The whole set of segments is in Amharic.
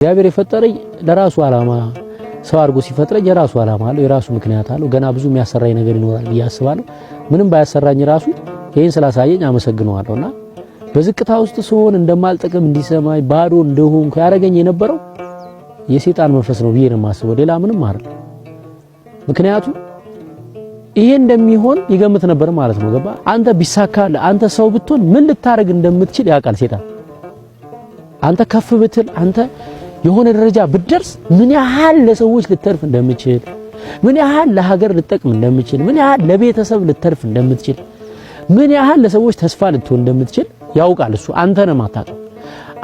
እግዚአብሔር የፈጠረኝ ለራሱ ዓላማ ሰው አድርጎ ሲፈጥረኝ የራሱ ዓላማ አለው፣ የራሱ ምክንያት አለው። ገና ብዙ የሚያሰራኝ ነገር ይኖራል ብዬ አስባለሁ። ምንም ባያሰራኝ ራሱ ይህን ስላሳየኝ አመሰግነዋለሁ። እና በዝቅታ ውስጥ ስሆን እንደማልጠቅም እንዲሰማኝ ባዶ እንደሆንኩ ያደረገኝ የነበረው የሴጣን መንፈስ ነው ብዬ ነው የማስበው። ሌላ ምንም አይደለም። ምክንያቱም ይሄ እንደሚሆን ይገምት ነበር ማለት ነው። ገባ? አንተ ቢሳካ አንተ ሰው ብትሆን ምን ልታደርግ እንደምትችል ያውቃል ሴጣን። አንተ ከፍ ብትል አንተ የሆነ ደረጃ ብደርስ ምን ያህል ለሰዎች ልተርፍ እንደምችል፣ ምን ያህል ለሀገር ልጠቅም እንደምችል፣ ምን ያህል ለቤተሰብ ልተርፍ እንደምትችል፣ ምን ያህል ለሰዎች ተስፋ ልትሆን እንደምትችል ያውቃል እሱ። አንተ ነህ ማታውቀው፣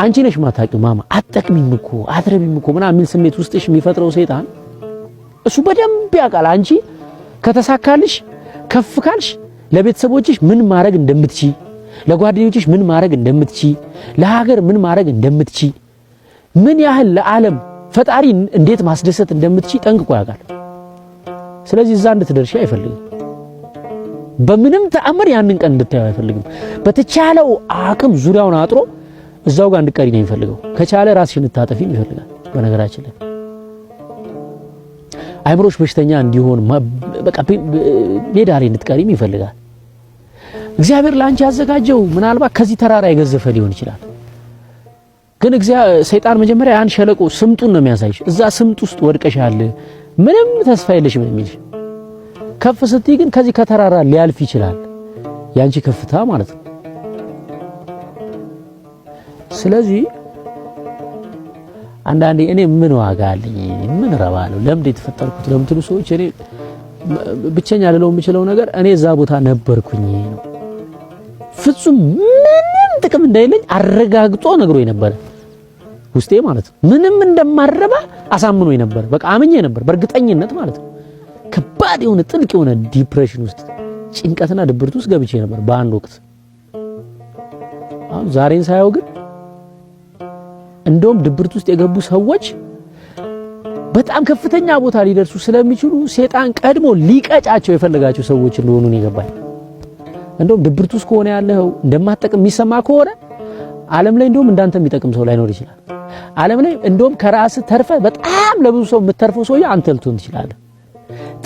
አንቺ ነሽ ማታውቂው። ማማ አትጠቅሚም እኮ አትረቢም እኮ ምናምን የሚል ስሜት ውስጥሽ የሚፈጥረው ሰይጣን እሱ በደንብ ያውቃል። አንቺ ከተሳካልሽ ከፍ ካልሽ ለቤተሰቦችሽ ምን ማድረግ እንደምትቺ፣ ለጓደኞችሽ ምን ማድረግ እንደምትቺ፣ ለሀገር ምን ማድረግ እንደምትቺ ምን ያህል ለዓለም ፈጣሪ እንዴት ማስደሰት እንደምትችል ጠንቅቆ ያውቃል። ስለዚህ እዛ እንድትደርሺ አይፈልግም። በምንም ተአምር ያንን ቀን እንድታየው አይፈልግም። በተቻለው አቅም ዙሪያውን አጥሮ እዛው ጋር እንድትቀሪ ነው የሚፈልገው። ከቻለ ራስሽን እንድታጠፊም ይፈልጋል። በነገራችን ላይ አይምሮሽ በሽተኛ እንዲሆን በቃ ሜዳ ላይ እንድትቀሪም ይፈልጋል። እግዚአብሔር ለአንቺ ያዘጋጀው ምናልባት ከዚህ ተራራ የገዘፈ ሊሆን ይችላል። ግን ሰይጣን መጀመሪያ ያን ሸለቆ ስምጡን ነው የሚያሳይሽ። እዛ ስምጥ ውስጥ ወድቀሻል፣ ምንም ተስፋ የለሽም የሚልሽ። ከፍ ስትይ ግን ከዚህ ከተራራ ሊያልፍ ይችላል ያንቺ ከፍታ ማለት ነው። ስለዚህ አንዳንዴ እኔ ምን ዋጋ አለኝ ምን ረባለሁ ለምን የተፈጠርኩት ለምትሉ ሰዎች እኔ ብቸኛ ልለው የምችለው ነገር እኔ እዛ ቦታ ነበርኩኝ ነው። ፍጹም ምንም ጥቅም እንዳይለኝ አረጋግጦ ነግሮኝ ነበር ውስጤ ማለት ነው ምንም እንደማረባ አሳምኖኝ ነበር። በቃ አምኜ ነበር በእርግጠኝነት ማለት ነው። ከባድ የሆነ ጥልቅ የሆነ ዲፕሬሽን ውስጥ ጭንቀትና ድብርት ውስጥ ገብቼ ነበር በአንድ ወቅት። አሁን ዛሬን ሳየው ግን እንደውም ድብርት ውስጥ የገቡ ሰዎች በጣም ከፍተኛ ቦታ ሊደርሱ ስለሚችሉ ሴጣን ቀድሞ ሊቀጫቸው የፈለጋቸው ሰዎች እንደሆኑ ነው የገባኝ። እንደውም ድብርት ውስጥ ከሆነ ያለው እንደማትጠቅም የሚሰማ ከሆነ ዓለም ላይ እንደውም እንዳንተ የሚጠቅም ሰው ላይኖር ይችላል። ዓለም ላይ እንደውም ከራስ ተርፈ በጣም ለብዙ ሰው የምትተርፈው ሰውዬ አንተ ልትሆን ትችላለህ።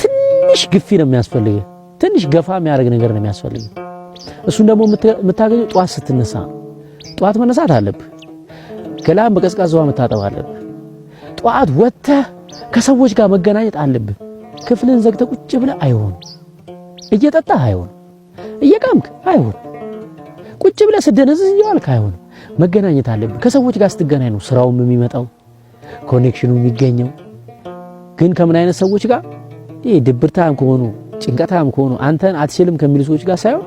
ትንሽ ግፊ ነው የሚያስፈልገ ትንሽ ገፋ የሚያደርግ ነገር ነው የሚያስፈልገው። እሱን ደግሞ የምታገኘው ጠዋት ስትነሳ፣ ጠዋት መነሳት አለብህ። ገላም በቀዝቃዛ ውሃ መታጠብ አለብህ። ጠዋት ወጥተህ ከሰዎች ጋር መገናኘት አለብህ። ክፍልን ዘግተህ ቁጭ ብለህ አይሆን እየጠጣህ አይሆን እየቃምክ አይሆን፣ ቁጭ ብለህ ስደነዝዝ እየዋልክ አይሆንም። መገናኘት አለብን ከሰዎች ጋር ስትገናኝ ነው ስራውም የሚመጣው ኮኔክሽኑ የሚገኘው። ግን ከምን አይነት ሰዎች ጋር ይሄ ድብርታም ከሆኑ ጭንቀታም ከሆኑ አንተን አትችልም ከሚሉ ሰዎች ጋር ሳይሆን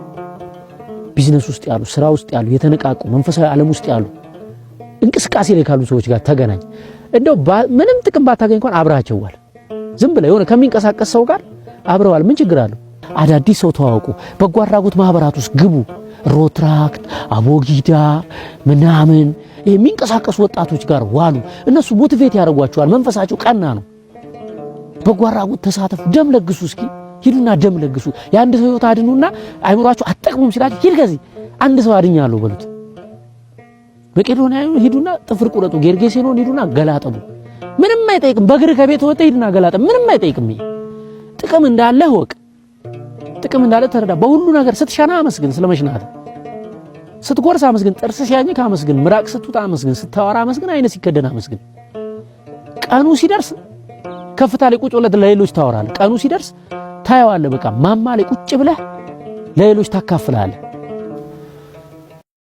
ቢዝነስ ውስጥ ያሉ፣ ስራ ውስጥ ያሉ፣ የተነቃቁ መንፈሳዊ ዓለም ውስጥ ያሉ እንቅስቃሴ ላይ ካሉ ሰዎች ጋር ተገናኝ። እንደው ምንም ጥቅም ባታገኝ እንኳን አብረሃቸዋል። ዝም ብለህ የሆነ ከሚንቀሳቀስ ሰው ጋር አብረዋል። ምን ችግር አለው? አዳዲስ ሰው ተዋወቁ። በጎ አድራጎት ማህበራት ውስጥ ግቡ። ሮትራክት አቦጊዳ ምናምን የሚንቀሳቀሱ ወጣቶች ጋር ዋሉ። እነሱ ሞቲቬት ያደርጓቸዋል። መንፈሳቸው ቀና ነው። በጎ አድራጎት ተሳተፉ፣ ደም ለግሱ። እስኪ ሂዱና ደም ለግሱ። የአንድ ሰው ህይወት አድኑና አይምሯቸው አጠቅሙም ሲላቸው ሂድ ከዚህ አንድ ሰው አድኛለሁ በሉት። መቄዶንያ ሂዱና ጥፍር ቁረጡ። ጌርጌሴኖን ሂዱና ገላጠሙ። ምንም አይጠይቅም። በእግር ከቤት ወጥተህ ሂድና ገላጠሙ። ምንም አይጠይቅም። ጥቅም እንዳለ ወቅ ጥቅም እንዳለ ተረዳ። በሁሉ ነገር ስትሸና አመስግን፣ ስለመሽናት ስትጎርስ አመስግን፣ ጥርስ ሲያኝክ አመስግን፣ ምራቅ ስትውጣ አመስግን፣ ስታወራ አመስግን፣ አይነ ሲከደን አመስግን። ቀኑ ሲደርስ ከፍታ ላይ ቁጭ ብለህ ለሌሎች ታወራለህ። ቀኑ ሲደርስ ታየዋለህ። በቃ ማማ ላይ ቁጭ ብለህ ለሌሎች ታካፍላለህ።